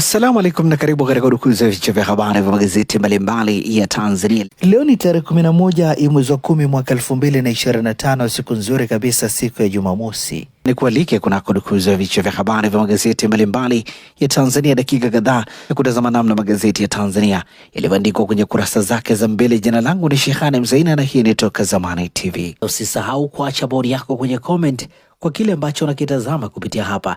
Assalamu alaikum na karibu katika udukuzi ya vichwa vya habari vya magazeti mbalimbali ya Tanzania. Leo ni tarehe 11 ya mwezi wa kumi mwaka 2025, siku nzuri kabisa, siku ya Jumamosi. Ni kualike kunako udukuzi ya vichwa vya habari vya magazeti mbalimbali ya Tanzania, dakika kadhaa ya kutazama namna magazeti ya Tanzania yalivyoandikwa kwenye kurasa zake za mbele. Jina langu ni Shehane Mzaina na hii ni Toka Zamani TV. Usisahau kuacha bodi yako kwenye comment kwa kile ambacho unakitazama kupitia hapa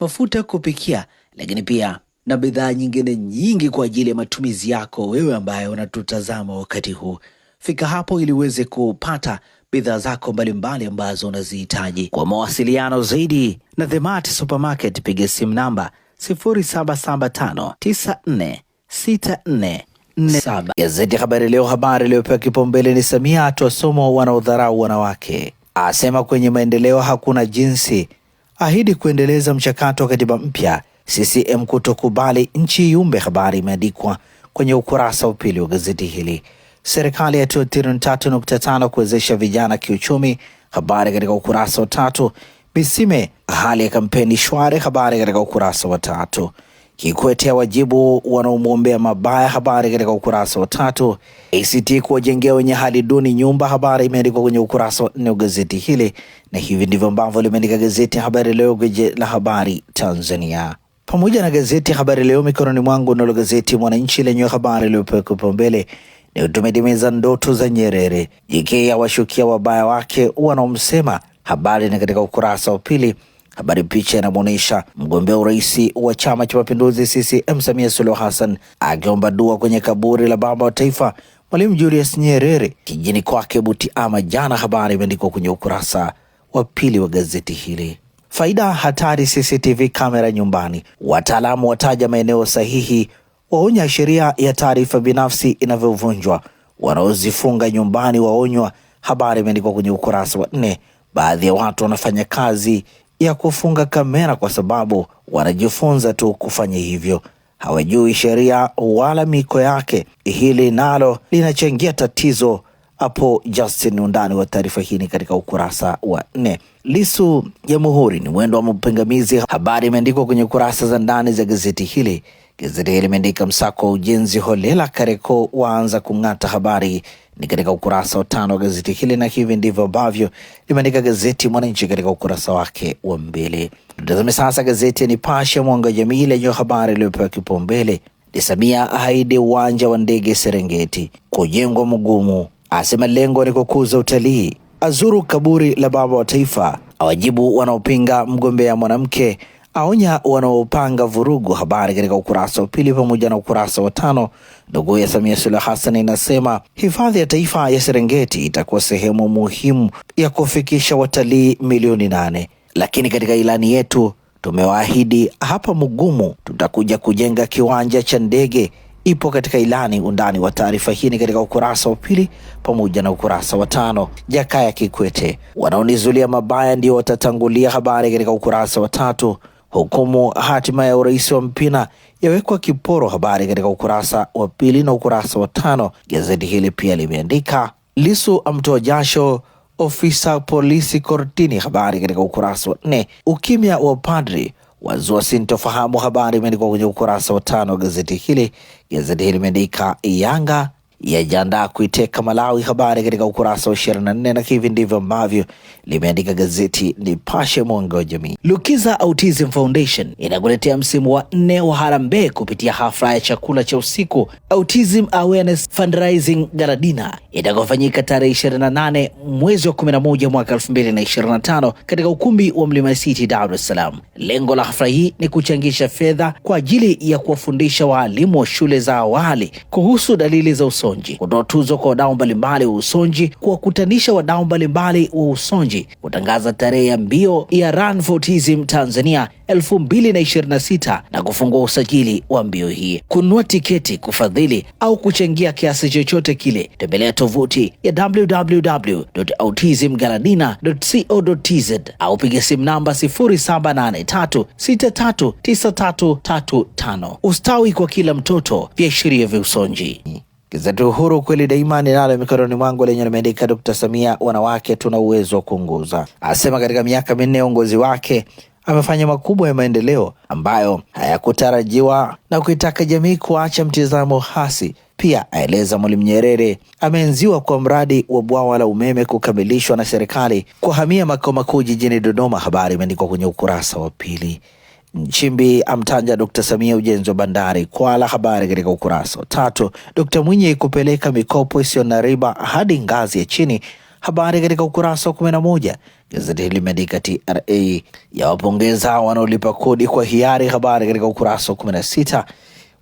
mafuta kupikia, lakini pia na bidhaa nyingine nyingi kwa ajili ya matumizi yako wewe ambaye unatutazama wakati huu. Fika hapo ili uweze kupata bidhaa zako mbalimbali ambazo unazihitaji. Kwa mawasiliano zaidi na The Mart Supermarket, piga simu namba 0775946447. Gazeti ya Habari Leo, habari iliyopewa kipaumbele ni Samia atoa somo wanaodharau wanawake, asema kwenye maendeleo hakuna jinsi ahidi kuendeleza mchakato wa katiba mpya, CCM kutokubali nchi yumbe, Habari imeandikwa kwenye ukurasa wa pili wa gazeti hili. Serikali yatoa trilioni 3.5 kuwezesha vijana kiuchumi, habari katika ukurasa wa tatu. Misime, hali ya kampeni shwari, habari katika ukurasa wa tatu. Kikwete wajibu wanaomwombea mabaya, habari katika ukurasa wa tatu. ACT kuwajengea wenye hali duni nyumba, habari imeandikwa kwenye ukurasa wa nne wa gazeti hili, na hivi ndivyo ambavyo limeandika gazeti ya Habari Leo, gwiji la habari Tanzania, pamoja na gazeti Habari Leo mikononi mwangu. Nalo gazeti Mwananchi lenye habari iliyopewa kipaumbele ni tumetimiza ndoto za Nyerere, JK awashukia wabaya wake wanaomsema, habari ni katika ukurasa wa pili Habari picha inamwonyesha mgombea urais wa Chama cha Mapinduzi CCM Samia Suluhu Hassan akiomba dua kwenye kaburi la baba wa taifa Mwalimu Julius Nyerere kijini kwake Butiama jana. Habari imeandikwa kwenye ukurasa wa pili wa gazeti hili. Faida hatari CCTV kamera nyumbani, wataalamu wataja maeneo sahihi, waonya sheria ya taarifa binafsi inavyovunjwa, wanaozifunga nyumbani waonywa. Habari imeandikwa kwenye ukurasa wa nne. Baadhi ya watu wanafanya kazi ya kufunga kamera kwa sababu wanajifunza tu kufanya hivyo, hawajui sheria wala miko yake. Hili nalo linachangia tatizo hapo. Justin, undani wa taarifa hii ni katika ukurasa wa nne. Lisu muhuri ni mwendo wa mapingamizi. Habari imeandikwa kwenye kurasa za ndani za gazeti hili. Gazeti hili limeandika msako wa ujenzi holela Kareko waanza kung'ata. Habari ni katika ukurasa wa tano wa gazeti hili, na hivi ndivyo ambavyo limeandika gazeti Mwananchi katika ukurasa wake wa mbele. Tutazame sasa gazeti ya Nipashe Mwanga Jamii lenye habari iliyopewa kipaumbele ni Samia ahaidi uwanja wa ndege Serengeti kujengwa mgumu, asema lengo ni kukuza utalii, azuru kaburi la baba wa taifa, awajibu wanaopinga mgombea mwanamke aonya wanaopanga vurugu. Habari katika ukurasa wa pili pamoja na ukurasa wa tano. Ndugu ya Samia Suluhu Hassan inasema hifadhi ya taifa ya Serengeti itakuwa sehemu muhimu ya kufikisha watalii milioni nane, lakini katika ilani yetu tumewaahidi hapa Mugumu tutakuja kujenga kiwanja cha ndege ipo katika ilani. Undani wa taarifa hii ni katika ukurasa wa pili pamoja na ukurasa wa tano. Jakaya Kikwete, wanaonizulia mabaya ndio watatangulia. Habari katika ukurasa wa tatu. Hukumu hatima ya urais wa Mpina yawekwa kiporo, habari katika ukurasa wa pili na ukurasa wa tano. Gazeti hili pia limeandika Lisu amtoa jasho ofisa polisi kortini, habari katika ukurasa wa nne. Ukimya wa padri wazua sintofahamu, habari imeandikwa kwenye ukurasa wa tano gazeti hili. Gazeti hili limeandika Yanga yajiandaa kuiteka Malawi. Habari katika ukurasa wa 24, na hivi ndivyo ambavyo limeandika gazeti Nipashe mwanga wa jamii. Lukiza Autism Foundation inakuletea msimu wa nne wa harambee kupitia hafla ya chakula cha usiku Autism Awareness Fundraising Gala Dinner itakayofanyika tarehe 28 mwezi wa 11 mwaka 2025 katika ukumbi wa Mlima City, Dar es Salaam. Lengo la hafla hii ni kuchangisha fedha kwa ajili ya kuwafundisha waalimu wa shule za awali kuhusu dalili za uso usonji, kutoa tuzo kwa wadau mbalimbali wa usonji, kuwakutanisha wadau mbalimbali wa usonji, kutangaza tarehe ya mbio ya Run for Autism Tanzania 2026 na kufungua usajili wa mbio hii. Kununua tiketi, kufadhili au kuchangia kiasi chochote kile, tembelea tovuti ya www.autismgaladina.co.tz au piga simu namba 0783639335. Ustawi kwa kila mtoto, viashiria vya usonji. Gazeti Uhuru kweli daima ninalo mikononi mwangu lenye limeandika Dkt. Samia, wanawake tuna uwezo wa kuongoza, asema katika miaka minne ya uongozi wake amefanya makubwa ya maendeleo ambayo hayakutarajiwa na kuitaka jamii kuacha mtizamo hasi. Pia aeleza Mwalimu Nyerere ameenziwa kwa mradi wa bwawa la umeme kukamilishwa na serikali kuhamia makao makuu jijini Dodoma. Habari imeandikwa kwenye ukurasa wa pili. Nchimbi amtanja Dkt. Samia ujenzi wa bandari Kwala, habari katika ukurasa wa tatu. Dkt. Mwinyi kupeleka mikopo isiyo na riba hadi ngazi ya chini, habari katika ukurasa wa kumi na moja. Gazeti hili limeandika TRA yawapongeza wanaolipa kodi kwa hiari, habari katika ukurasa wa kumi na sita.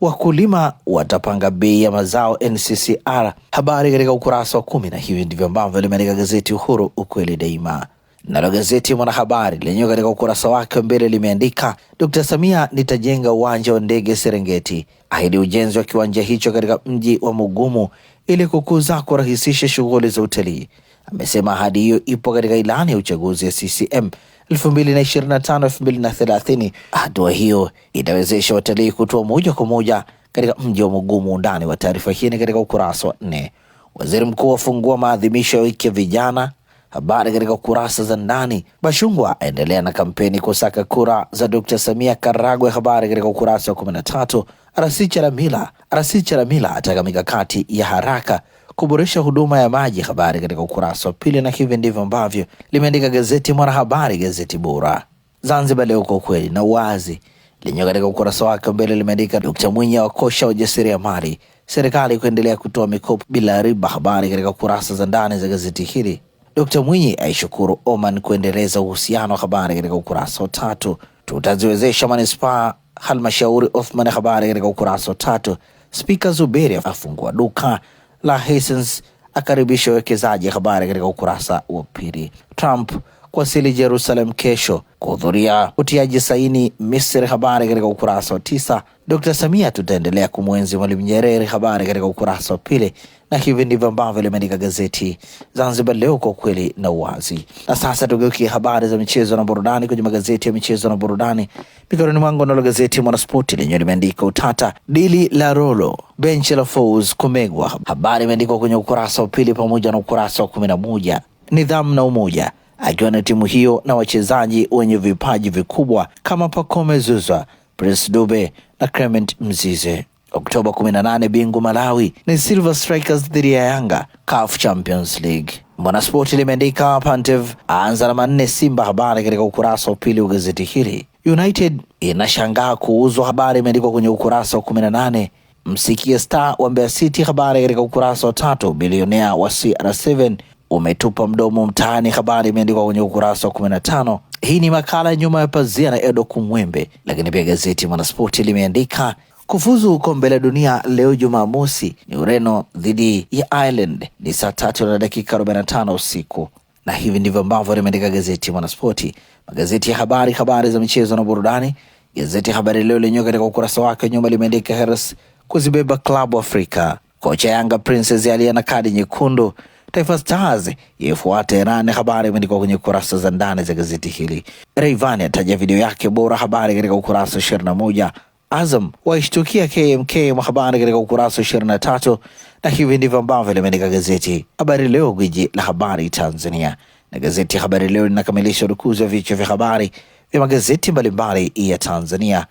Wakulima watapanga bei ya mazao NCCR, habari katika ukurasa wa kumi, na hivi ndivyo ambavyo limeandika gazeti Uhuru, ukweli daima. Nalo gazeti Mwanahabari lenyewe katika ukurasa wake wa mbele limeandika Dr. Samia, nitajenga uwanja wa ndege Serengeti, ahidi ujenzi wa kiwanja hicho katika mji wa Mugumu ili kukuza kurahisisha shughuli za utalii. Amesema ahadi hiyo ipo katika ilani ya uchaguzi ya CCM 2025-2030. Hatua hiyo itawezesha watalii kutoa moja kwa moja katika mji wa Mugumu. Undani wa taarifa hii ni katika ukurasa wa nne. Waziri mkuu afungua maadhimisho ya wiki ya vijana Habari katika kurasa za ndani. Bashungwa aendelea na kampeni kusaka kura za Dkt. Samia Karagwe. Habari katika ukurasa wa 13. RC Chalamila, RC Chalamila ataka mikakati ya haraka kuboresha huduma ya maji. Habari katika ukurasa wa pili, na hivi ndivyo ambavyo limeandika gazeti Mwanahabari, gazeti bora Zanzibar Leo, kwa ukweli na uwazi. Lenyewe katika ukurasa wake mbele limeandika Dkt Mwinyi wakosha wajasiriamali, serikali kuendelea kutoa mikopo bila riba. Habari katika kurasa za ndani za gazeti hili. Dkt. Mwinyi aishukuru Oman kuendeleza uhusiano wa habari katika ukurasa wa tatu. Tutaziwezesha manispaa halmashauri Othman, habari katika ukurasa wa tatu. Spika Zuberi afungua duka la Hisense, akaribisha wekezaji habari katika ukurasa wa pili. Trump kuwasili Jerusalem kesho kuhudhuria utiaji saini Misri. Habari katika ukurasa wa tisa. Dr. Samia tutaendelea kumwenzi Mwalimu Nyerere. Habari katika ukurasa wa pili, na hivi ndivyo ambavyo limeandika gazeti Zanzibar Leo, kwa ukweli na uwazi. Na sasa tugeukie habari za michezo na burudani kwenye magazeti ya michezo na burudani mikononi mwangu, nalo gazeti Mwanaspoti lenyewe limeandika utata dili la Rolo, benchi la Fouz kumegwa. Habari imeandikwa kwenye ukurasa wa pili pamoja na ukurasa wa kumi na moja. Nidhamu na umoja akiwa na timu hiyo na wachezaji wenye vipaji vikubwa kama Pacome Zuzwa, Prince Dube na Clement Mzize. Oktoba 18 bingu Malawi ni Silver Strikers dhidi ya Yanga CAF Champions League. Mwanaspoti limeandika Pantev aanza na manne Simba, habari katika ukurasa wa pili wa gazeti hili. United inashangaa kuuzwa, habari imeandikwa kwenye ukurasa wa 18. Msikie Star wa Mbeya City, habari katika ukurasa wa tatu. Bilionea wa CR7 umetupa mdomo mtaani, habari imeandikwa kwenye ukurasa wa kumi na tano. Hii ni makala ya nyuma ya pazia na Edo Kumwembe. Lakini pia gazeti Mwanaspoti limeandika kufuzu kombe la dunia leo Jumamosi ni Ureno dhidi ya Ireland, ni saa tatu na dakika 45 usiku, na hivi ndivyo ambavyo limeandika gazeti Mwanaspoti. Magazeti ya habari, habari za michezo na burudani. Gazeti Habari Leo lenyewe katika ukurasa wake nyuma limeandika Heras kuzibeba klabu Afrika, kocha Yanga Princess aliye na kadi nyekundu Taifa Stars yaifuata Iran. Habari imeandikwa kwenye kurasa za ndani za gazeti hili. Rayvanny ataja video yake bora, habari katika ukurasa ishirini na moja. Azam waishtukia KMK habari katika ukurasa wa ishirini na tatu na hivi ndivyo ambavyo limeandika gazeti Habari Leo, gwiji la habari Tanzania, na gazeti Habari Leo linakamilisha urukuzi wa vichwa vya habari vya magazeti mbalimbali ya Tanzania.